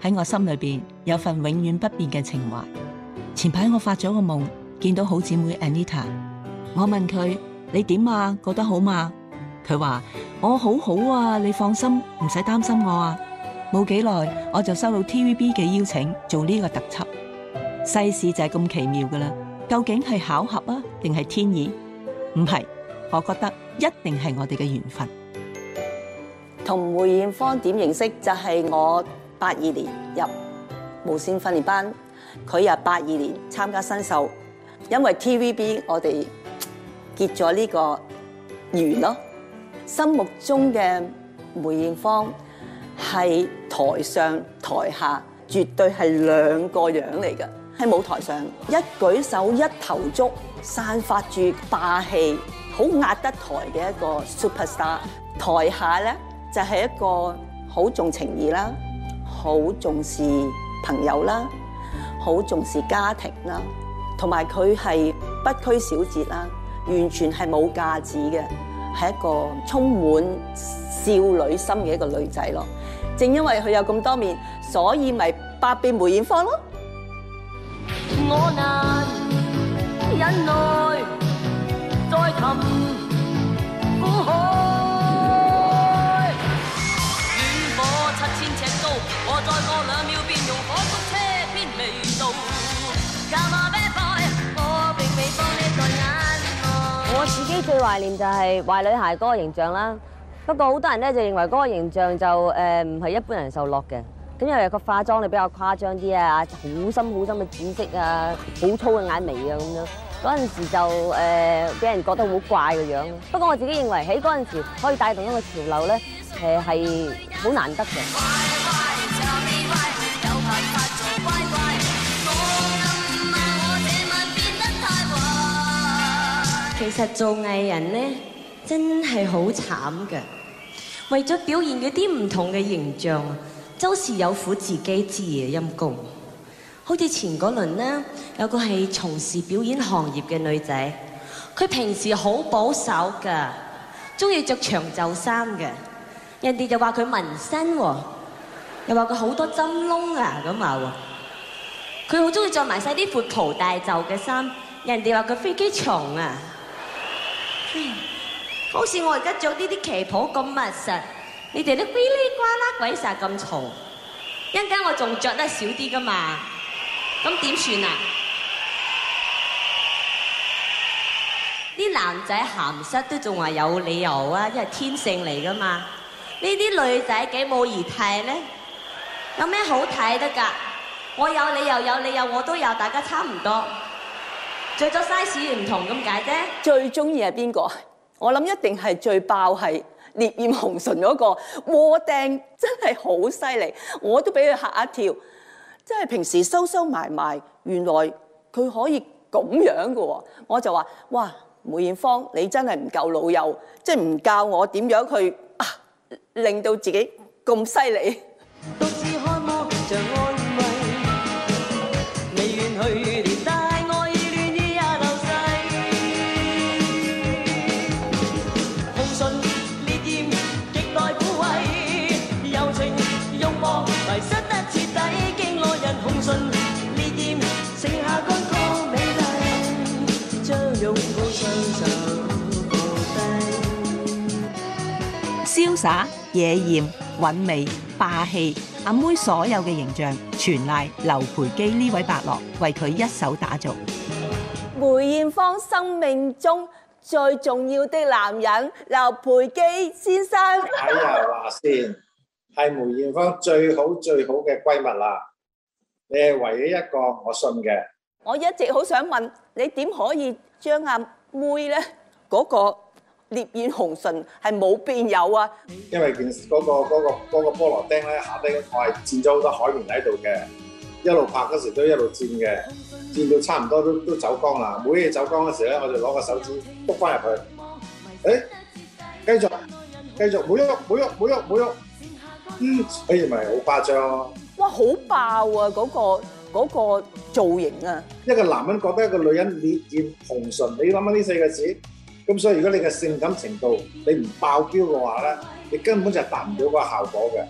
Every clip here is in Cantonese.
喺我心裏邊有份永遠不變嘅情懷。前排我發咗個夢，見到好姊妹 Anita，我問佢：你點啊？過得好嗎？佢話：我好好啊，你放心，唔使擔心我啊。冇幾耐，我就收到 TVB 嘅邀請做呢個特輯。世事就係咁奇妙㗎喇，究竟係巧合啊，定係天意？唔係，我覺得一定係我哋嘅緣分。同梅艷芳點認識就係我。八二年入無綫訓練班，佢又八二年參加新秀，因為 TVB 我哋結咗呢個緣咯。心目中嘅梅艷芳係台上台下絕對係兩個樣嚟嘅。喺舞台上一舉手一投足，散發住霸氣，好壓得台嘅一個 super star。台下咧，就係一個好重情義啦。好重視朋友啦，好重視家庭啦，同埋佢係不拘小節啦，完全係冇架值嘅，係一個充滿少女心嘅一個女仔咯。正因為佢有咁多面，所以咪百變梅艷芳咯。我難忍耐再最懷念就係壞女孩嗰個形象啦，不過好多人咧就認為嗰個形象就誒唔係一般人受落嘅，咁因為個化妝你比較誇張啲啊，好深好深嘅紫色啊，好粗嘅眼眉啊咁樣，嗰陣時就誒俾、呃、人覺得好怪嘅樣。不過我自己認為喺嗰陣時可以帶動一個潮流咧，誒係好難得嘅。其實做藝人咧真係好慘噶，為咗表現嗰啲唔同嘅形象，周時有苦自己知嘅陰功。好似前嗰輪咧，有個係從事表演行業嘅女仔，佢平時好保守噶，中意着長袖衫嘅，人哋就話佢紋身，又話佢好多針窿啊咁啊！佢好中意着埋晒啲闊袍大袖嘅衫，人哋話佢飛機場啊！哎、好似我而家着呢啲旗袍咁密實，你哋啲嗶哩呱啦鬼殺咁嘈，一陣間我仲着得少啲噶嘛？咁點算啊？啲男仔鹹濕都仲話有理由啊，因為天性嚟噶嘛？泰泰呢啲女仔幾冇儀態咧？有咩好睇得噶？我有你又有，你有我都有，大家差唔多。着咗 size 唔同咁解啫。最中意係邊個？我諗一定係最爆係烈焰紅唇嗰個，窩釘真係好犀利，我都俾佢嚇一跳。真係平時收收埋埋，原來佢可以咁樣噶，我就話，哇，梅艷芳你真係唔夠老友，即係唔教我點樣去啊，令到自己咁犀利。打野艷、韻味、霸氣，阿妹所有嘅形象全賴劉培基呢位伯樂為佢一手打造。梅艷芳生命中最重要的男人劉培基先生，睇下話先，係梅艷芳最好最好嘅閨蜜啦，你係唯一一個我信嘅。我一直好想問你點可以將阿妹咧嗰個？烈焰紅唇係冇變有啊！因為件、嗰、嗰個嗰、嗰個嗰個嗰個菠蘿釘咧下低我係墊咗好多海綿喺度嘅，一路拍嗰時都一路墊嘅，墊到差唔多都都走光啦。每嘢走光嗰時咧，我就攞個手指篤翻入去，誒、欸，繼續繼續，冇喐冇喐冇喐冇喐，嗯，所以咪好誇張啊！哇，好爆啊！嗰、嗰個嗰、嗰個造型啊！一個男人覺得一個女人烈焰紅唇，你諗下呢四個字？咁所以如果你嘅性感程度你唔爆嬌嘅話咧，你根本就達唔到個效果嘅。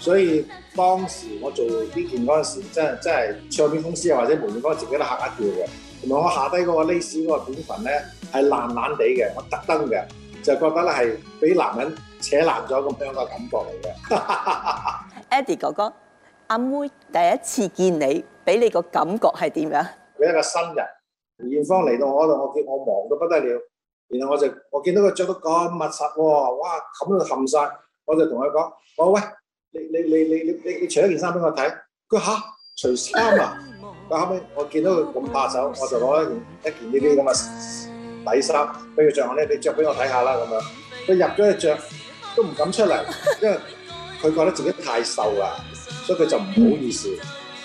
所以當時我做呢件嗰陣時，真係真係唱片公司啊或者梅艷芳自己都嚇一跳嘅。同埋我下低嗰個 lace 嗰個部分咧係爛爛地嘅，我特登嘅就覺得係俾男人扯爛咗咁樣嘅感覺嚟嘅。 Eddie 哥哥，阿妹，妹第一次見你，俾你個感覺係點樣？佢一個新人，梅艷芳嚟到我度，我叫我忙到不得了。然後我就我見到佢着得咁密實喎，哇冚到冚晒。我就同佢講：我話喂，你你你你你你除一件衫俾我睇。佢吓除衫啊！佢後尾我見到佢咁怕醜，我就攞一件一件呢啲咁嘅底衫俾佢着，叫你給我咧，你着俾我睇下啦咁樣。佢入咗去着，都唔敢出嚟，因為佢覺得自己太瘦啦，所以佢就唔好意思。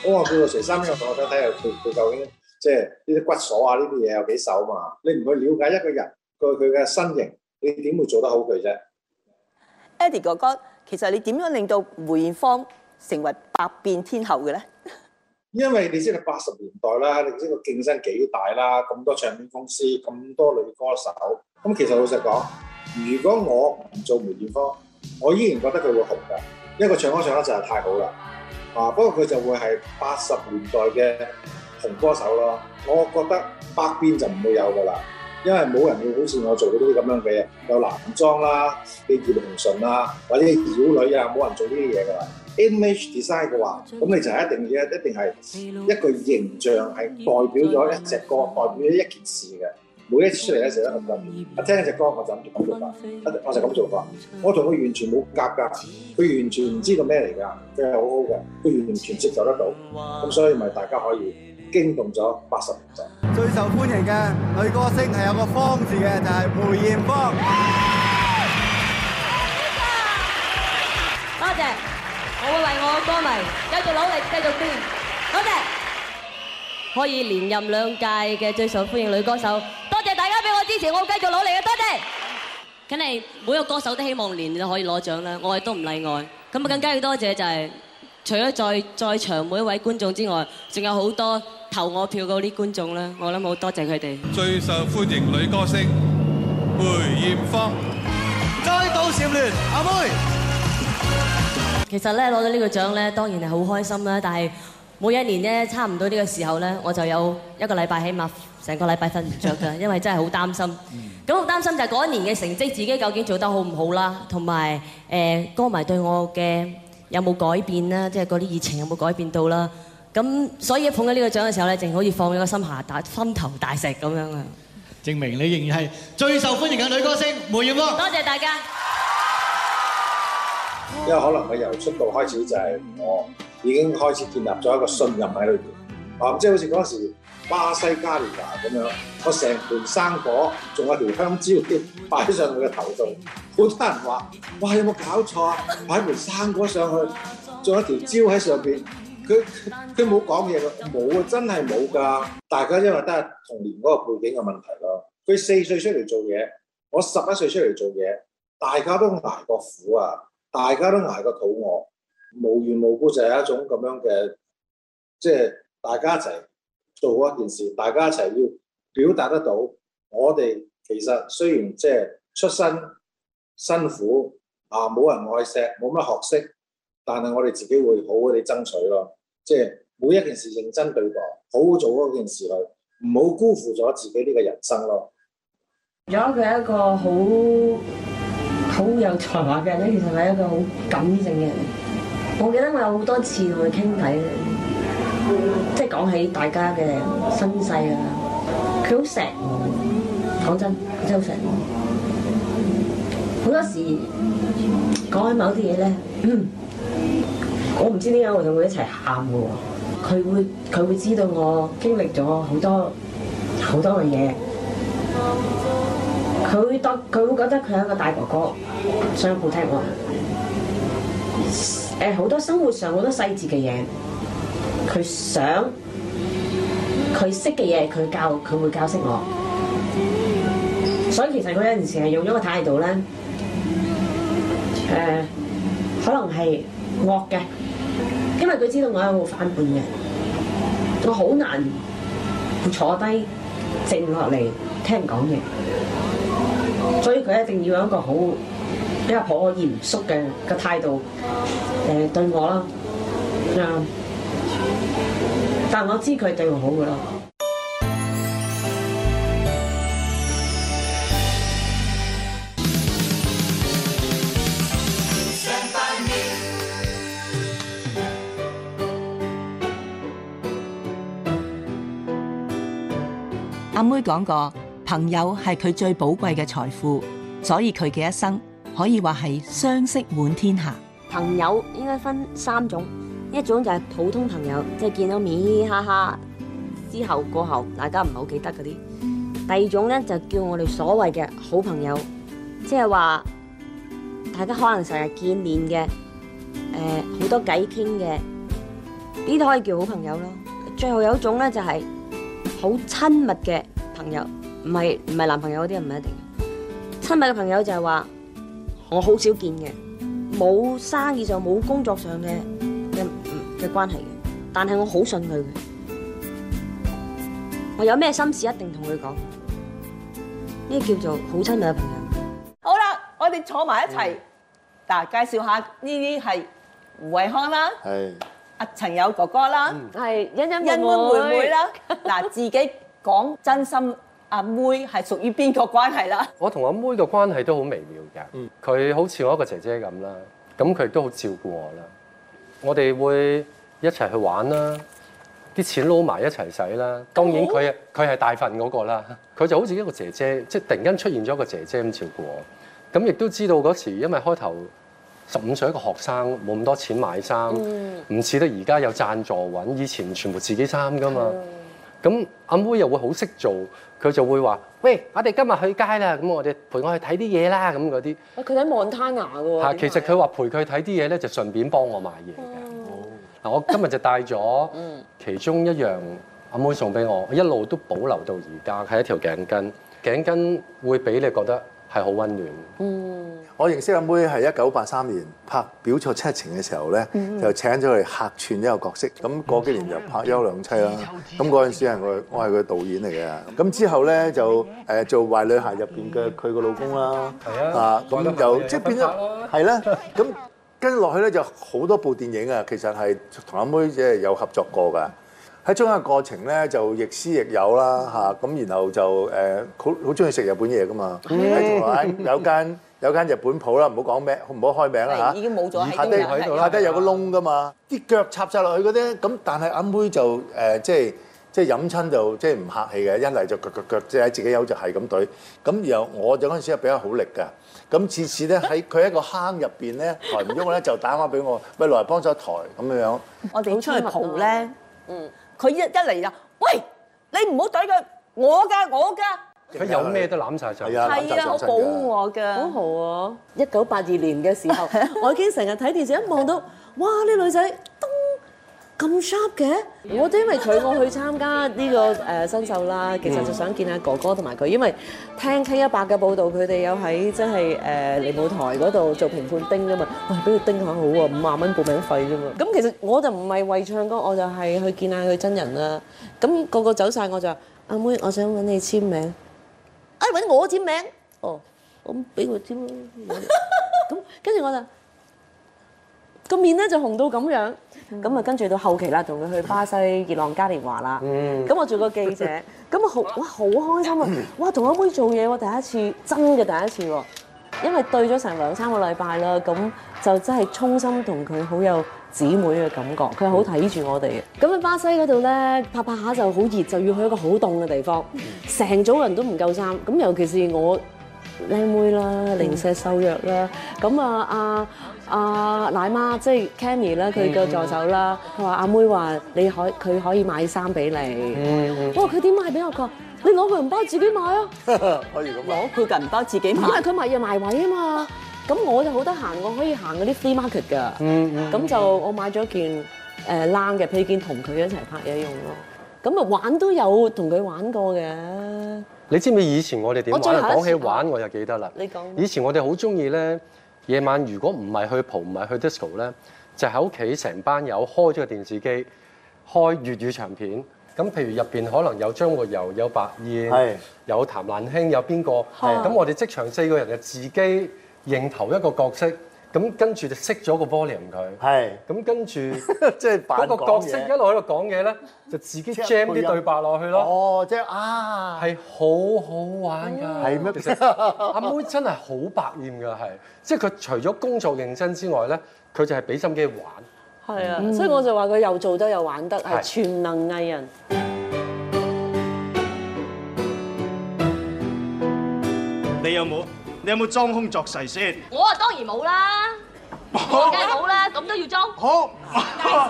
嗯、我叫佢：除衫俾我睇睇下，佢佢究竟即係呢啲骨鎖啊，呢啲嘢有幾瘦嘛？你唔去了解一個人。對佢嘅身形，你點會做得好佢啫？Eddie 哥哥，其實你點樣令到梅艷芳成為百變天后嘅咧？ 因為你知道八十年代啦，你知道競爭幾大啦，咁多唱片公司，咁多女歌手。咁其實老實講，如果我唔做梅艷芳，我依然覺得佢會紅噶，因為佢唱歌唱得就係太好啦。啊，不過佢就會係八十年代嘅紅歌手咯。我覺得百變就唔會有噶啦。因為冇人會好似我做嗰啲咁樣嘅，有男裝啦、烈焰紅唇啦，或者妖女啊，冇人做呢啲嘢㗎。Image Design 嘅話，咁你就係一定要一定係一個形象係代表咗一隻歌，代表咗一件事嘅。每一次出嚟咧，成日都咁噉。我聽一隻歌，我就諗住咁做法，我就咁做法。我同佢完全冇夾㗎，佢完全唔知道咩嚟㗎，佢係好好嘅，佢完全接受得，得到。咁所以咪大家可以。驚動咗八十五集，最受歡迎嘅女歌星係有個方字嘅，就係梅艷芳。多謝，我會為我嘅歌迷繼續努力，繼續戰。多謝，可以連任兩屆嘅最受歡迎女歌手，多謝大家俾我支持，我會繼續努力嘅。多謝，肯定每個歌手都希望年年都可以攞獎啦，我亦都唔例外。咁啊，更加要多謝就係，除咗在在場每一位觀眾之外，仲有好多。投我票嗰啲觀眾啦，我諗好多謝佢哋。最受歡迎女歌星梅艷芳，再到少聯阿妹。其實咧攞到呢個獎咧，當然係好開心啦。但係每一年咧，差唔多呢個時候咧，我就有一個禮拜，起碼成個禮拜瞓唔著㗎，因為真係好擔心。咁好擔心就係嗰一年嘅成績，自己究竟做得好唔好啦，同埋誒歌迷對我嘅有冇改變啦，即係嗰啲熱情有冇改變到啦。咁所以捧緊呢個獎嘅時候咧，正好似放咗個心下，打心頭大石咁樣啊！證明你仍然係最受歡迎嘅女歌星梅艷芳，多謝大家。因為可能我由出道開始就係我已經開始建立咗一個信任喺裏邊，啊，即係好似嗰陣時巴西嘉年華咁樣，我成盤生果仲有一條香蕉擺上佢嘅頭度，好多人話：哇，有冇搞錯啊？擺盤生果上去，仲有一條蕉喺上邊。佢佢冇講嘢咯，冇啊，真係冇噶。大家因為都係童年嗰個背景嘅問題咯。佢四歲出嚟做嘢，我十一歲出嚟做嘢，大家都捱過苦啊，大家都捱過肚餓，無緣無故就係一種咁樣嘅，即係大家一齊做一件事，大家一齊要表達得到。我哋其實雖然即係出身辛苦啊，冇人愛錫，冇乜學識。但係我哋自己會好好哋爭取咯，即係每一件事認真對待，好好做嗰件事去，唔好辜負咗自己呢個人生咯。如果佢係一個好好有才華嘅人咧，其實係一個好感性嘅人。我記得我有好多次同佢傾偈，即係講起大家嘅身世啊，佢好錫我，講真，真好錫我。好多時講起某啲嘢咧，嗯。我唔知點解我同佢一齊喊嘅喎，佢會佢會知道我經歷咗好多好多嘅嘢，佢當佢會覺得佢係一個大哥哥，想好聽我，誒好多生活上好多細節嘅嘢，佢想佢識嘅嘢，佢教佢會教識我，所以其實佢有陣時係用咗個態度咧，誒、呃、可能係惡嘅。因為佢知道我有冇反叛嘅，我好難坐低靜落嚟，聽講嘢，所以佢一定要有一個好，比較嚴肅嘅嘅態度，誒、呃、對我啦、嗯，但我知佢係對我好嘅咯。阿妹講過，朋友係佢最寶貴嘅財富，所以佢嘅一生可以話係相識滿天下。朋友應該分三種，一種就係普通朋友，即係見到咪咪哈哈之後過後，大家唔好記得嗰啲。第二種呢，就叫我哋所謂嘅好朋友，即係話大家可能成日見面嘅，誒，好多偈傾嘅，呢啲可以叫好朋友咯。最後有一種呢，就係好親密嘅。朋友唔係唔係男朋友嗰啲，唔一定，親密嘅朋友就係話我好少見嘅，冇生意上冇工作上嘅嘅嘅關係嘅，但係我好信佢嘅，我有咩心事一定同佢講，呢叫做好親密嘅朋友。好啦，我哋坐埋一齊，嗯，嗱，介紹下呢啲係胡渭康啦，係阿陳友哥哥啦，係欣欣、欣妹妹啦，嗱 自己。講真心阿妹係屬於邊個關係啦？我同阿妹個關係都好微妙嘅，佢好似我一個姐姐咁啦，咁佢都好照顧我啦。我哋會一齊去玩啦，啲錢撈埋一齊使啦。當然佢佢係大份嗰個啦，佢就好似一個姐姐，即係突然間出現咗一個姐姐咁照顧我。咁亦都知道嗰時，因為開頭十五歲一個學生冇咁多錢買衫，唔似得而家有贊助揾，以前全部自己衫㗎嘛。嗯咁阿妹，妹又會好識做，佢就會話：喂，我哋今日去街啦，咁我哋陪我去睇啲嘢啦，咁嗰啲。佢喺 Montana 㗎喎。其實佢話陪佢睇啲嘢咧，就順便幫我買嘢嘅。嗱、嗯哦，我今日就帶咗其中一樣阿妹，妹送俾我，我一路都保留到而家，係一條頸巾。頸巾會俾你覺得。係好溫暖。嗯，我認識阿妹係一九八三年拍《表錯七情》嘅時候咧，就請咗佢客串呢個角色。咁過幾年就拍《優兩妻》啦。咁嗰陣時係我，我係佢導演嚟嘅。咁之後咧就誒做《壞女孩》入邊嘅佢個老公啦。係啊，啊咁就即係變咗係啦。咁跟落去咧就好多部電影啊，其實係同阿妹即係有合作過㗎。喺中間過程咧就亦師亦友啦嚇，咁、嗯嗯、然後就誒好好中意食日本嘢噶嘛。喺銅鑼灣有間有間日本鋪啦，唔好講咩，好唔好開名啦嚇。已經冇咗喺度啦。泰迪喺有一個窿噶嘛。啲腳插晒落去嗰啲，咁但係阿妹，妹就誒、呃、即係即係飲親就即係唔客氣嘅，一嚟就腳腳腳即係自己有就係咁懟。咁然後我就嗰陣時係比較好力㗎，咁次次咧喺佢一個坑入邊咧抬唔喐咧就打翻俾我，喂，來幫手抬咁樣樣。我哋出去蒲咧，嗯。佢一一嚟啦，喂，你唔好㨃佢，我㗎我㗎，佢有咩都攬曬手，係啊，好保護我㗎，好好啊！一九八二年嘅時候，我已經成日睇電視，一望到，哇！呢女仔，咚。咁 sharp 嘅，我都因為佢我去參加呢個誒新秀啦，其實就想見下哥哥同埋佢，因為聽 K 一百嘅報導，佢哋有喺即係誒嚟舞台嗰度做評判丁㗎嘛，哇，俾佢丁下好啊，五萬蚊報名費啫嘛。咁其實我就唔係為唱歌，我就係去見下佢真人啦。咁個個走晒，我就阿妹，我想揾你簽名，啊揾我簽名，哦，咁俾佢簽，咁跟住我就。個面咧就紅到咁樣，咁啊跟住到後期啦，同佢去巴西熱浪嘉年華啦，咁、嗯、我做個記者，咁啊、嗯、 好哇好開心啊，哇同阿妹做嘢我第一次真嘅第一次喎、啊，因為對咗成兩三個禮拜啦，咁就真係衷心同佢好有姊妹嘅感覺，佢好睇住我哋嘅。咁喺、嗯、巴西嗰度咧，拍拍下就好熱，就要去一個好凍嘅地方，成組人都唔夠衫，咁尤其是我。靚妹啦，零舍瘦弱啦，咁、嗯、啊阿啊奶媽即係 Kenny 啦，佢、就、嘅、是、助手啦，佢話阿妹話你可佢可以買衫俾你。嗯嗯、哇給我話佢點買俾我講，你攞佢銀包自己買啊，攞佢銀包自己買，因為佢買嘢賣位啊嘛，咁我就好得閒，我可以行嗰啲 free market 㗎，咁、嗯嗯嗯、就我買咗件誒冷嘅披肩同佢一齊拍嘢用咯。咁啊玩都有同佢玩過嘅、啊。你知唔知以前我哋點玩啊？講起玩，我又記得啦。你講。以前我哋好中意咧，夜晚如果唔係去蒲唔係去 disco 咧，就喺屋企成班友開咗個電視機，開粵語長片。咁譬如入邊可能有張國游、有白燕、是有譚蘭卿、有邊個？咁是我哋即場四個人就自己認頭一個角色。咁跟住就識咗個 volume，佢，係咁跟住即係嗰個角色一路喺度講嘢咧，就自己 jam 啲對白落去咯。哦，即係啊，係好好玩㗎，係咩？其實阿妹真係好百厭㗎，係即係佢除咗工作認真之外咧，佢就係俾心機玩。係啊，嗯、所以我就話佢又做得又玩得，係全能藝人。你有冇？你有冇裝腔作勢先？我啊，當然冇啦，冇，我梗係冇啦，咁都好要裝？好，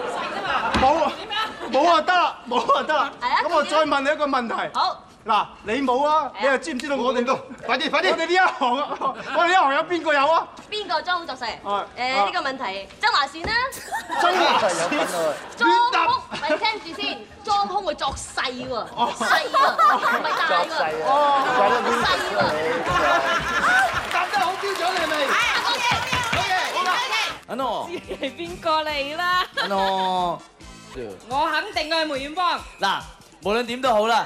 冇，冇啊，得啦，冇啊，得啦，咁我再問你一個問題。好嗱，你冇啊，你又知唔知道我哋都，快啲，快啲！我哋呢一行啊，我哋呢一行有邊個有啊？邊個裝腔作勢？誒呢個問題，曾華倩啦，曾華倩裝腔，嚟聽住先，裝腔係作勢喎，細喎，唔係大喎，大得邊個？扮得好標準，你係咪？係，好嘢，好嘢，好嘅。阿知係邊個嚟啦？阿諾，我肯定係梅艷芳。嗱，無論點都好啦。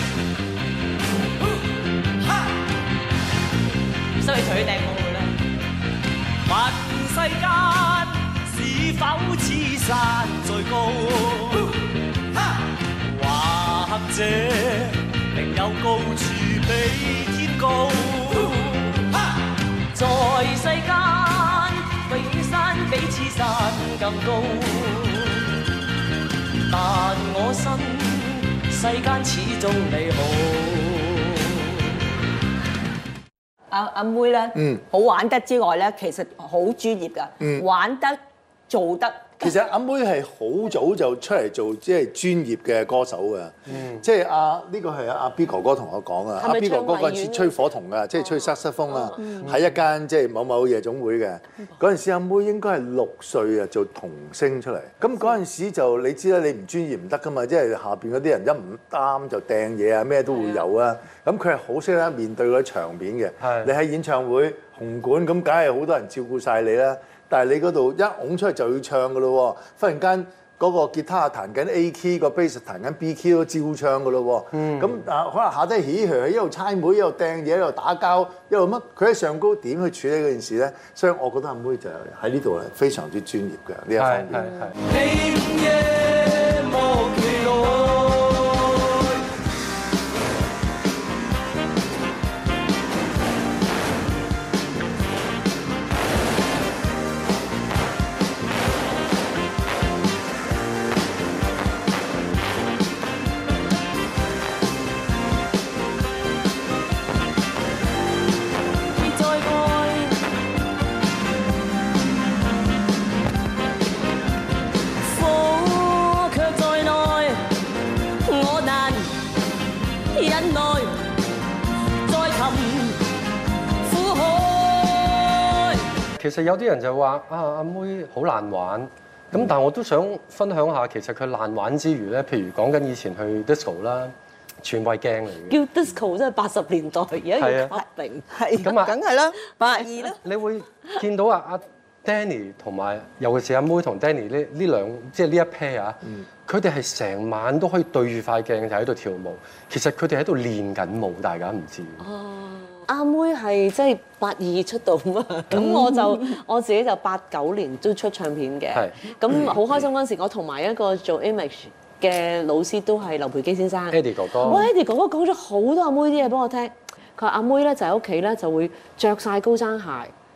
收起腿釘我啦！問，呢問世間是否此山最高？或者另有高處比天高？在世間，飛山比此山更高。但我心世間始終你好。阿阿、啊、妹咧，嗯、好玩得之外咧，其實好專業噶，嗯、玩得做得。其實阿妹係好早就出嚟做即係專業嘅歌手嘅，即係阿呢個係阿 B 哥哥同我講啊，阿、嗯、B 哥哥嗰次吹火筒啊，即係、哦、吹塞塞風 s a x 啊，喺一間即係某某夜總會嘅嗰陣時，阿妹應該係六歲啊做童星出嚟。咁嗰陣時就你知啦，你唔專業唔得㗎嘛，即係下邊嗰啲人一唔擔就掟嘢啊，咩都會有啊。咁佢係好識得面對嗰啲場面嘅，是的 你喺演唱會紅館咁，梗係好多人照顧晒你啦。但係你嗰度一拱出嚟就要唱嘅咯喎，忽然間嗰個吉他彈緊 A key 個 bass 彈緊 B key 都照唱嘅咯喎。嗯，咁啊可能下低起佢一路猜妹，一度掟嘢，一度打交，喺度乜？佢喺上高點去處理嗰件事咧，所以我覺得阿妹就喺呢度係非常之專業嘅呢一方面係。係。其實有啲人就話啊阿妹好難玩，咁、嗯、但我都想分享一下，其實佢難玩之餘咧，譬如講緊以前去 Disco 啦，全為鏡嚟嘅。叫 Disco 即係八十年代而家要拍定，係咁啊，梗係啦，八二啦。你會見到啊阿 Danny 同埋尤其是阿妹同 Danny 呢呢兩即係呢一 pair 啊，佢哋係成晚都可以對住塊鏡就喺度跳舞。其實佢哋喺度練緊舞，大家唔知道。哦。阿妹係即係八二出道咁啊，咁我就我自己就八九年都出唱片嘅。咁好開心嗰陣時，我同埋一個做 image 嘅老師都係劉培基先生。Eddie 哥哥，我 Eddie 哥哥講咗好多阿妹啲嘢俾我聽。佢阿妹咧就喺屋企咧就會著曬高踭鞋，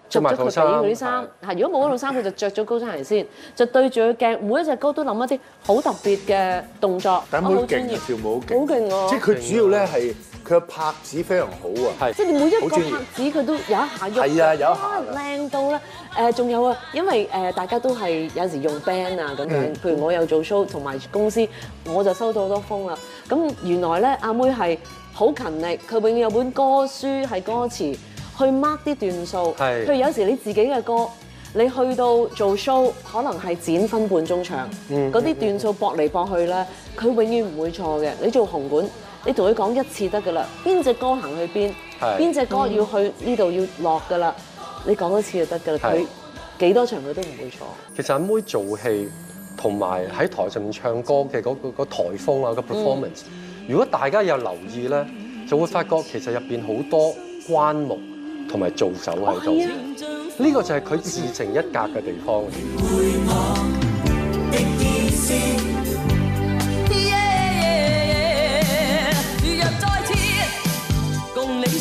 著埋套衫。嗰啲衫，係如果冇嗰套衫，佢就著咗高踭鞋先，就對住個鏡，每一隻歌都諗一啲好特別嘅動作。阿妹勁跳舞，好勁喎！即係佢主要咧係。佢拍子非常好啊！即係是每一個拍子佢專都有一下喐，係啊，有一下，啊。靚到咧，誒仲有啊，因為誒大家都係有陣時用 band 啊咁樣，嗯嗯、譬如我有做 show 同埋公司，我就收到好多封啦。咁原來咧，阿梅係好勤力，佢永遠有本歌書係歌詞去 mark 啲段數。佢是有時你自己嘅歌，你去到做 show 可能係剪分半鐘長，嗰啲、嗯嗯嗯、段數駁嚟駁去咧，佢永遠唔會錯嘅。你做紅館。你同佢講一次得噶啦，邊隻歌行去邊，邊隻歌要去呢度是的 要落噶啦，你講一次就得噶啦，佢幾多場佢都唔會錯。其實阿妹做戲同埋喺台上面唱歌嘅嗰個個台風啊，個 performance，如果大家有留意咧，就會發覺其實入面好多關目同埋做手喺度，呢個就係佢自成一格嘅地方。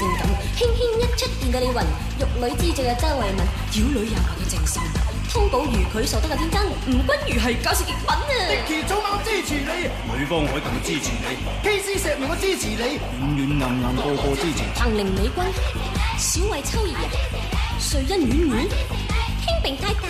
性感，輕輕一出現嘅李云，玉女之最嘅周慧敏，妖女又係嘅正神，湯寶如佢傻得嘅天真，吳君如係搞笑極品啊！杰杰，早晚我支持你，女方海豚我支持你，K C 石明我支持你，軟軟硬硬個個支持，杏林美君，小慧秋怡，瑞恩婉婉，天平大,大。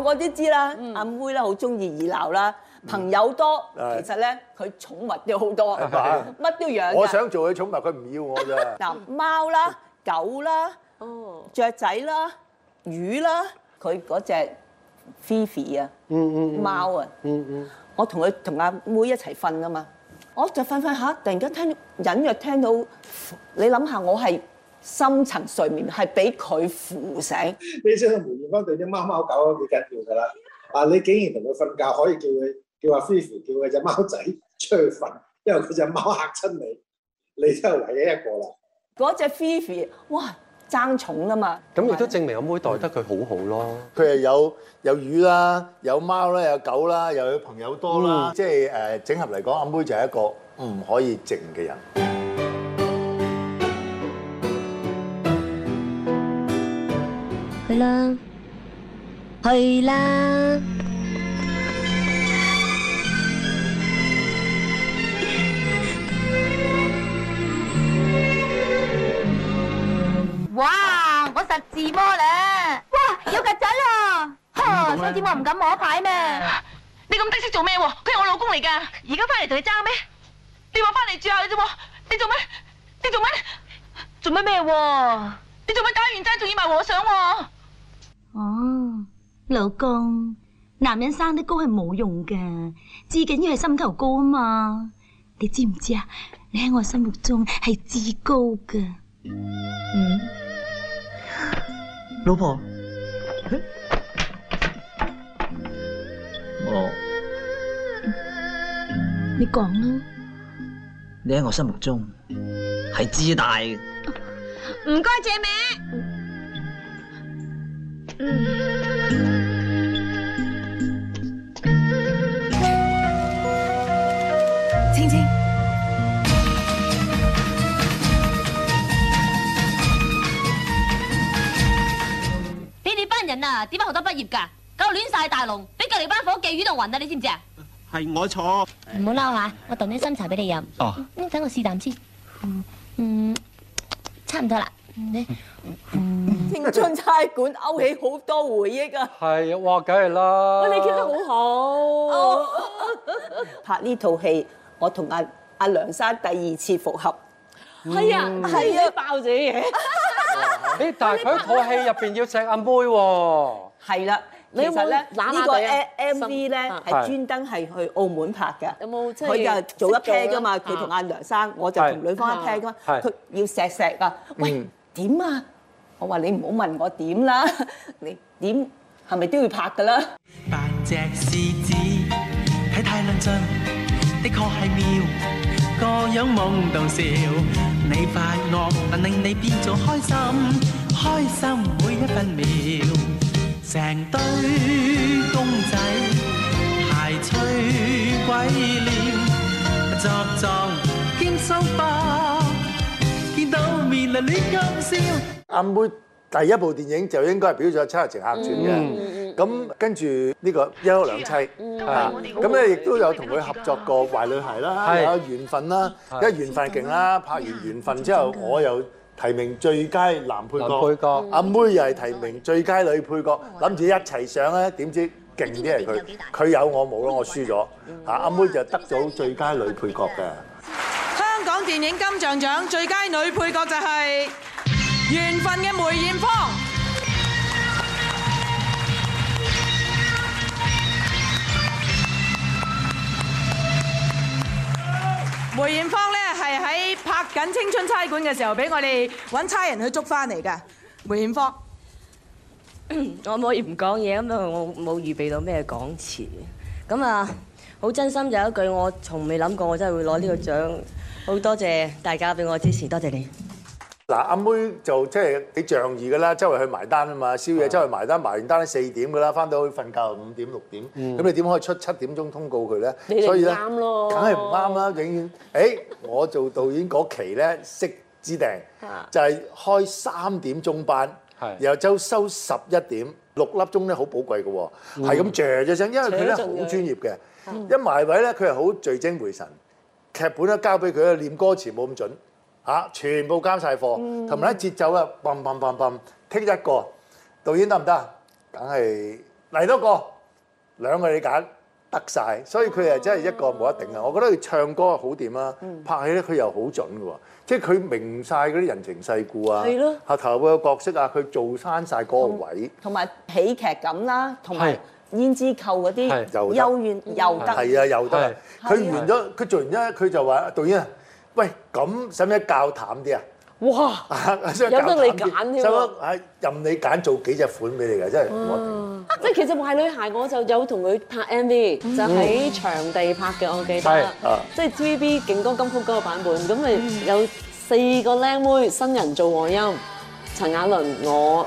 個個都知啦，阿妹咧好中意熱鬧啦，朋友多，其實咧佢寵物都好多，乜都養。我想做佢寵物，佢唔要我咋？嗱，貓啦、狗啦、雀仔啦、魚啦，佢嗰隻菲菲啊，貓啊，我同佢同阿妹一齊瞓啊嘛，我就瞓瞓下，突然間聽隱約聽到，你諗下我係？深層睡眠係俾佢扶醒。你知道梅燕芳對啲貓貓狗都幾緊要㗎啦。啊，你竟然同佢瞓覺，可以叫佢叫阿菲 i 叫佢隻貓仔出去瞓，因為佢隻貓嚇親你，你真係唯一一個啦。嗰隻菲 i f i 哇，增重啊嘛。咁亦都證明阿妹待得佢好好咯。佢係是、嗯、有有魚啦，有貓啦，有狗啦，又有朋友多啦。嗯、即係誒、呃、整合嚟講，阿妹就係一個唔可以靜嘅人。去啦，去啦！哇，我實自摸咧！哇，有曱甴咯！哈，所以點我唔敢摸牌咩？你咁得戚做咩？佢係我老公嚟噶，而家翻嚟同你爭咩？你話翻嚟住下你啫？你做咩？你做咩？做咩咩？你做咩打完齋，仲要賣和尚啊？哦，老公，男人生得高係冇用噶，至緊要係心頭高啊嘛！你知唔知啊？你喺我心目中係至高噶。嗯，老婆，我，你講啦，你喺我心目中係至大嘅。唔該借名。青青，清清你哋班人啊，點解學得畢業噶？搞亂晒大龍，俾隔離班伙計魚到暈啊！你知唔知啊？係我錯，唔好嬲下，我燉啲新茶俾你飲。哦試，等我試啖先。嗯嗯，差唔多啦。你青春差館勾起好多回憶啊！係啊，哇，梗係啦！我哋 keep 得好好。拍呢套戲，我同阿阿梁生第二次復合。係啊，係啊，爆咗嘢！但係佢套戲入邊要錫阿妹喎。係啦，其實咧呢個 MV 咧係專登係去澳門拍㗎。有冇？佢就做一 pair 噶嘛，佢同阿梁生，我就同女方一 pair。佢要錫錫啊！喂。點啊？我話你唔好問我點啦，你點係咪都要拍噶啦。扮隻獅子，睇太論盡，的確係妙。個樣夢到笑，你快樂能令你變做開心，開心每一分秒。成堆公仔，排除鬼阿妹第一部電影就應該係《表錯七日情》客串嘅，咁跟住呢個《一屋兩妻》，咁咧亦都有同佢合作過《壞女孩》啦，啊，緣分啦，因為緣分勁啦，拍完緣分之後，我又提名最佳男配角，配角。阿妹又係提名最佳女配角，諗住一齊上咧，點知勁啲係佢，佢有我冇咯，我輸咗，吓阿妹就得咗最佳女配角嘅。香港電影金像獎最佳女配角就係緣分嘅梅艷芳。梅艷芳呢係喺拍緊《青春差館》嘅時候，俾我哋揾差人去捉翻嚟㗎梅艷芳。我唔可以唔講嘢咁啊！我冇預備到咩講詞咁啊！好真心就有一句，我從未諗過，我真係會攞呢個獎。好多謝大家俾我支持，多謝你。嗱，阿妹就即係幾仗義嘅啦，周圍去埋單啊嘛，宵夜周圍埋單，埋完單咧四點噶啦，翻到去瞓覺五點六點，咁你點可以出七點鐘通告佢咧？所以啱咯，梗係唔啱啦！永遠，誒，我做導演嗰期咧識資定，就係開三點鐘班，然後周收十一點六粒鐘咧好寶貴嘅喎，係咁嚼咗聲，因為佢咧好專業嘅，一埋位咧佢係好聚精會神。劇本咧交俾佢咧，念歌詞冇咁準。吓，全部交晒貨，同埋咧節奏咧，嘣嘣嘣嘣，聽一個，導演得唔得啊？梗係嚟多個兩個你揀得晒。所以佢啊真係一個冇得頂啊！我覺得佢唱歌好掂啦，拍戲咧佢又好準嘅喎，即係佢明晒嗰啲人情世故啊，下是的 頭嘅角色啊，佢做翻晒嗰個位，同埋喜劇感啦，同埋。胭脂扣嗰啲又完又得，係啊又得。佢完咗，佢做完咧，佢就話導演啊，喂，咁使唔使教淡啲啊？哇，有得你揀添，有得，任你揀做幾隻款俾你嘅，真係。即係其實壞女孩我就有同佢拍 MV，就喺場地拍嘅，我記得。即係 TVB 勁歌金曲嗰個版本，咁咪有四個靚妹新人做和音，陳雅倫我。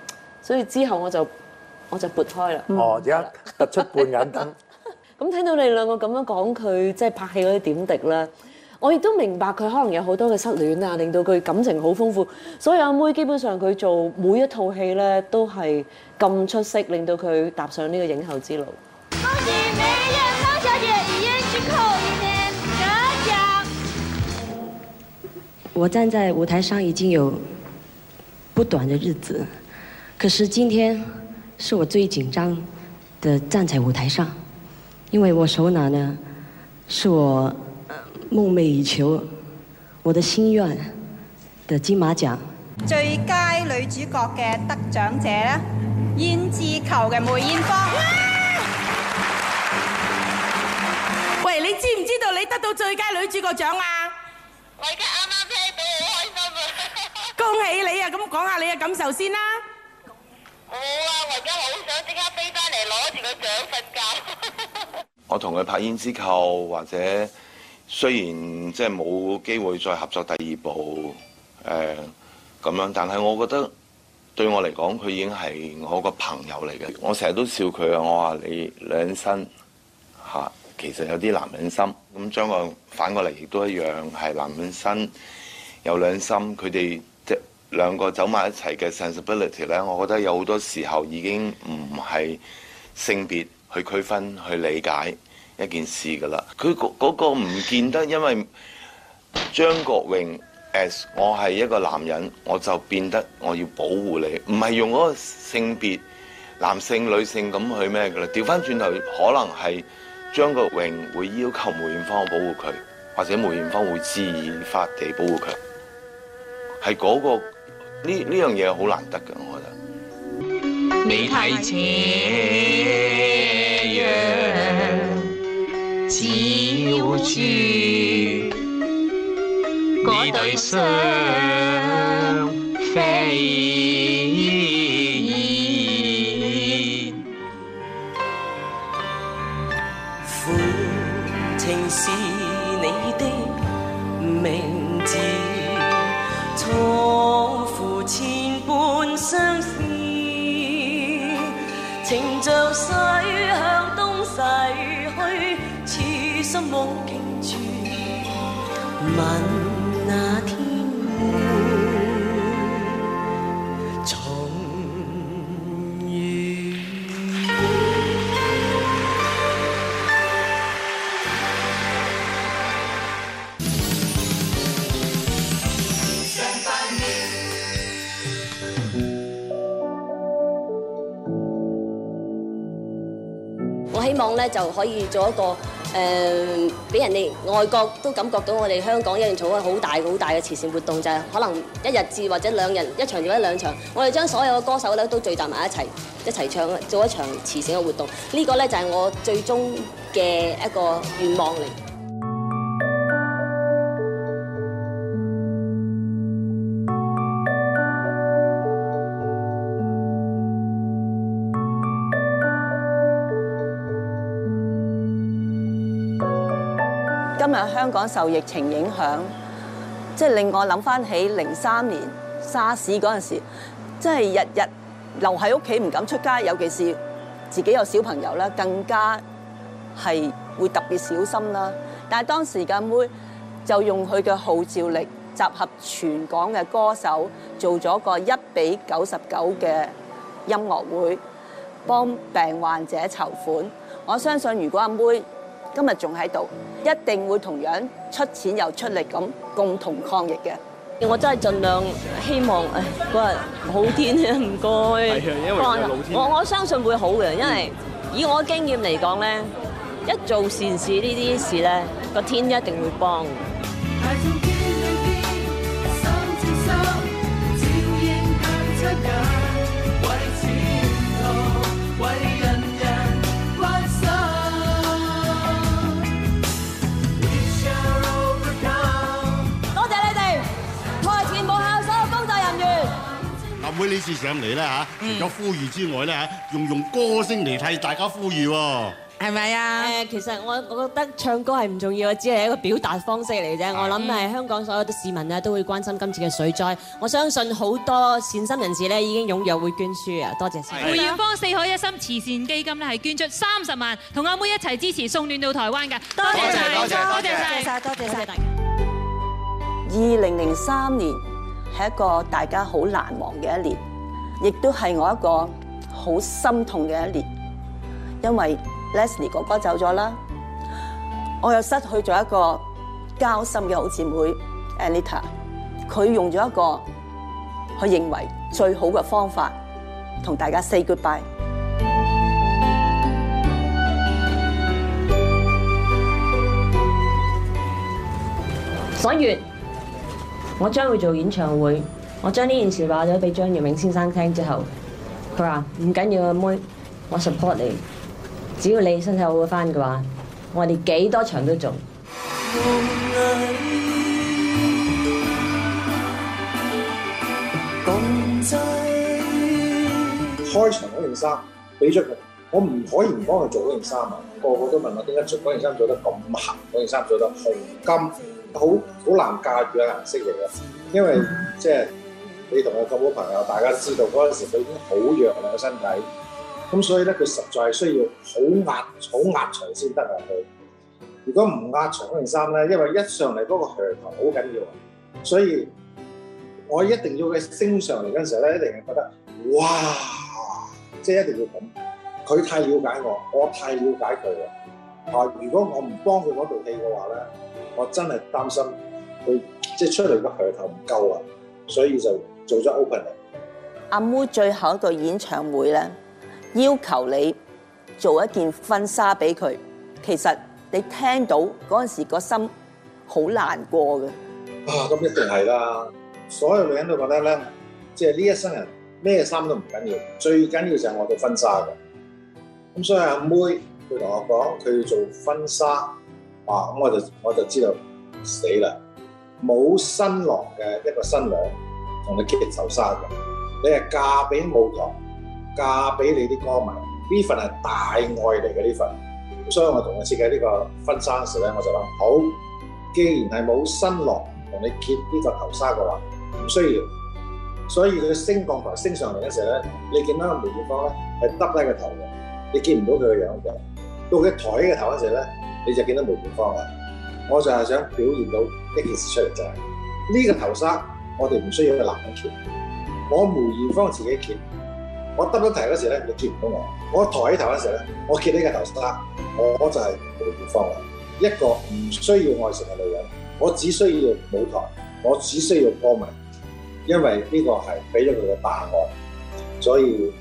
所以之後我就我就撥開啦。嗯、哦，一突出半眼燈。咁 聽到你兩個咁樣講佢，即係拍戲嗰啲點滴啦，我亦都明白佢可能有好多嘅失戀啊，令到佢感情好豐富。所以阿梅基本上佢做每一套戲咧，都係咁出色，令到佢踏上呢個影后之路。恭喜梅艷芳好小姐一言之口，一念之將。我站在舞台上已經有不短的日子。可是今天是我最緊張的站在舞台上，因為我手拿呢是我夢寐以求、我的心願的金馬獎。最佳女主角嘅得獎者啦——胭脂扣嘅梅艷芳。哇喂，你知唔知道你得到最佳女主角獎啊？我而家啱啱聽到好開心啊！ 恭喜你啊！咁講下你嘅感受先啦、啊。冇、哦、啊，我而家好想即刻飛翻嚟攞住個獎瞓覺。 我同佢拍胭脂扣，或者雖然即係冇機會再合作第二部，誒、呃、咁樣，但係我覺得對我嚟講，佢已經係我個朋友嚟嘅。我成日都笑佢啊，我話你兩身吓，其實有啲男人心咁，將佢反過嚟亦都一樣係男人身，反過來也一樣男人身有兩心，佢哋。兩個走埋一齊嘅 sensibility 呢，我覺得有好多時候已經唔係性別去區分去理解一件事㗎啦。佢嗰、嗰個唔見得，因為張國榮 as 我係一個男人，我就變得我要保護你，唔係用嗰個性別男性女性咁去咩㗎啦。調翻轉頭，可能係張國榮會要求梅艷芳保護佢，或者梅艷芳會自然發地保護佢，係嗰、嗰個。呢呢樣嘢好難得㗎，我覺得。你睇斜陽照住嗰對雙。我希望呢，就可以做一個。誒，俾、呃、人哋外國都感覺到我哋香港一樣做咗好大好大嘅慈善活動，就係、是、可能一日至或者兩日一場至一兩場，我哋將所有嘅歌手咧都聚集埋一齊，一齊唱做一場慈善嘅活動。呢、這個呢就係我最終嘅一個願望嚟。今日香港受疫情影響，即係令我諗翻起零三年沙士嗰陣時，即係日日留喺屋企唔敢出街，尤其是自己有小朋友啦，更加係會特別小心啦。但係當時嘅阿妹就用佢嘅號召力，集合全港嘅歌手，做咗個一比九十九嘅音樂會，幫病患者籌款。我相信如果阿妹，今日仲喺度，一定會同樣出錢又出力咁共同抗疫嘅。我真係盡量希望嗰日好天啊！唔該，我我相信會好嘅，因為以我經驗嚟講咧，一做善事呢啲事咧，個天一定會幫。佢呢次上嚟咧嚇，除咗呼籲之外咧嚇，用用歌聲嚟替大家呼籲喎，係咪啊？誒，其實我我覺得唱歌係唔重要嘅，只係一個表達方式嚟啫。的我諗係香港所有嘅市民咧，都會關心今次嘅水災。我相信好多善心人士咧，已經踴躍會捐書啊！多謝先。梅艷芳四海一心慈善基金咧，係捐出三十萬，同阿妹，妹一齊支持送暖到台灣嘅。多謝曬，多謝曬，多謝多謝大家。二零零三年。係一個大家好難忘嘅一年，亦都係我一個好心痛嘅一年，因為 Leslie 哥哥走咗啦，我又失去咗一個交心嘅好姊妹 Anita，佢用咗一個佢認為最好嘅方法同大家 say goodbye，所以。我將會做演唱會，我將呢件事話咗俾張耀榮先生聽之後，佢話唔緊要阿妹，我 support 你，只要你身體好翻嘅話，我哋幾多場都做。開場嗰件衫俾咗我，我唔可以唔幫佢做嗰件衫啊！個個都問我點解做嗰件衫做得咁硬，嗰件衫做得紅金。好好難駕馭嘅顏色嚟嘅，因為即係你同佢咁好朋友，大家知道嗰陣時佢已經好弱嘅身體，咁所以咧佢實在係需要好壓好壓長先得嘅佢。如果唔壓長嗰件衫咧，因為一上嚟嗰個噱頭好緊要，所以我一定要佢升上嚟嗰陣時咧，一定係覺得哇，即係一定要咁。佢太了解我，我太了解佢嘅。啊，如果我唔幫佢嗰套戲嘅話咧。我真係擔心佢即係出嚟嘅噱頭唔夠啊，所以就做咗 open 嚟。阿妹最後一個演唱會咧，要求你做一件婚紗俾佢。其實你聽到嗰陣時個心好難過嘅。啊，咁一定係啦！所有女人都覺得咧，即係呢一生人咩衫都唔緊要，最緊要就係我個婚紗㗎。咁所以阿妹佢同我講，佢要做婚紗。哇！咁、啊嗯、我就我就知道死啦，冇新郎嘅一個新娘同你揭頭紗嘅，你係嫁俾舞台，嫁俾你啲歌迷，呢份係大愛嚟嘅呢份。所以我同佢設計個分呢個婚紗嘅時候咧，我就諗好，既然係冇新郎同你揭呢個頭紗嘅話，唔需要。所以佢升降台升上嚟嘅時候咧，你見到梅艷芳咧係耷低個頭嘅，你見唔到佢嘅樣嘅。到佢抬起個頭嗰陣時咧。你就見到梅艷芳啦。我就係想表現到一件事出嚟，就係，就係呢個頭紗，我哋唔需要一個男人揭，我梅艷芳自己揭。我耷低頭嗰時咧，你揭唔到我；我抬起頭嗰時咧，我揭呢個頭紗。我我就係梅艷芳。一個唔需要愛情嘅女人，我只需要舞台，我只需要歌迷，因為呢個係俾咗佢嘅答案。所以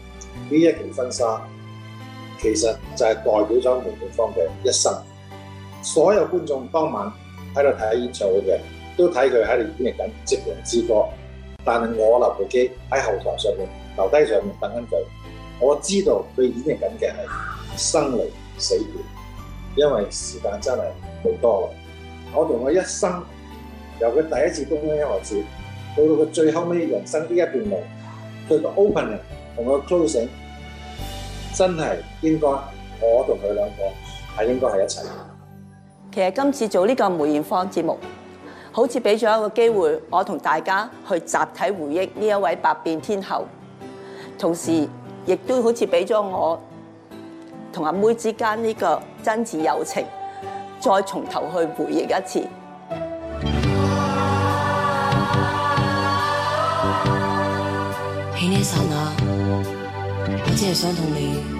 呢一件婚紗，其實就係代表咗梅艷芳嘅一生。所有觀眾當晚喺度睇演唱會嘅，都睇佢喺度演繹緊《夕陽之歌》，但係我留部機喺後台上面留低，上面等緊佢。我知道佢演繹緊嘅係生離死別，因為時間真係冇多啦。我同我一生由佢第一次公開一開始，到到佢最後尾人生呢一段路，佢個 opening 同個 closing 真係應該我同佢兩個係應該係一齊。其實今次做呢個梅艷芳節目，好似俾咗一個機會，我同大家去集體回憶呢一位百變天后，同時亦都好似俾咗我同阿妹之間呢個真摯友情，再從頭去回憶一次。喺呢一剎那，我只係想同你。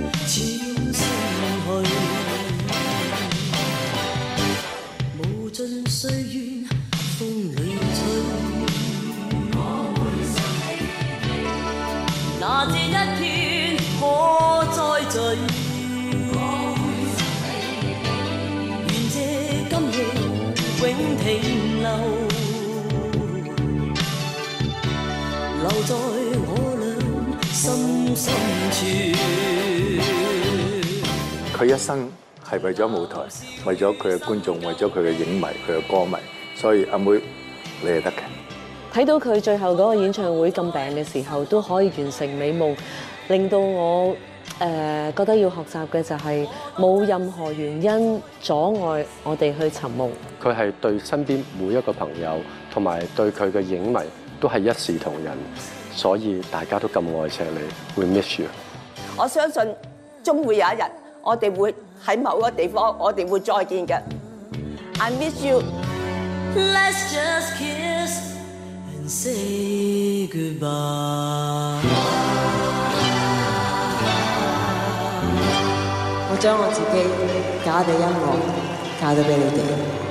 佢一生係為咗舞台，為咗佢嘅觀眾，為咗佢嘅影迷，佢嘅歌迷。所以阿妹，妹你係得嘅。睇到佢最後嗰個演唱會咁病嘅時候，都可以完成美夢，令到我誒、呃、覺得要學習嘅就係、是、冇任何原因阻礙我哋去尋夢。佢係對身邊每一個朋友，同埋對佢嘅影迷都係一視同仁。所以大家都咁愛錫你，We miss you。我相信終會有一日，我哋會喺某個地方，我哋會再見嘅。I miss you。Let's just kiss and say goodbye。我將我自己嫁俾音樂，嫁咗俾你哋。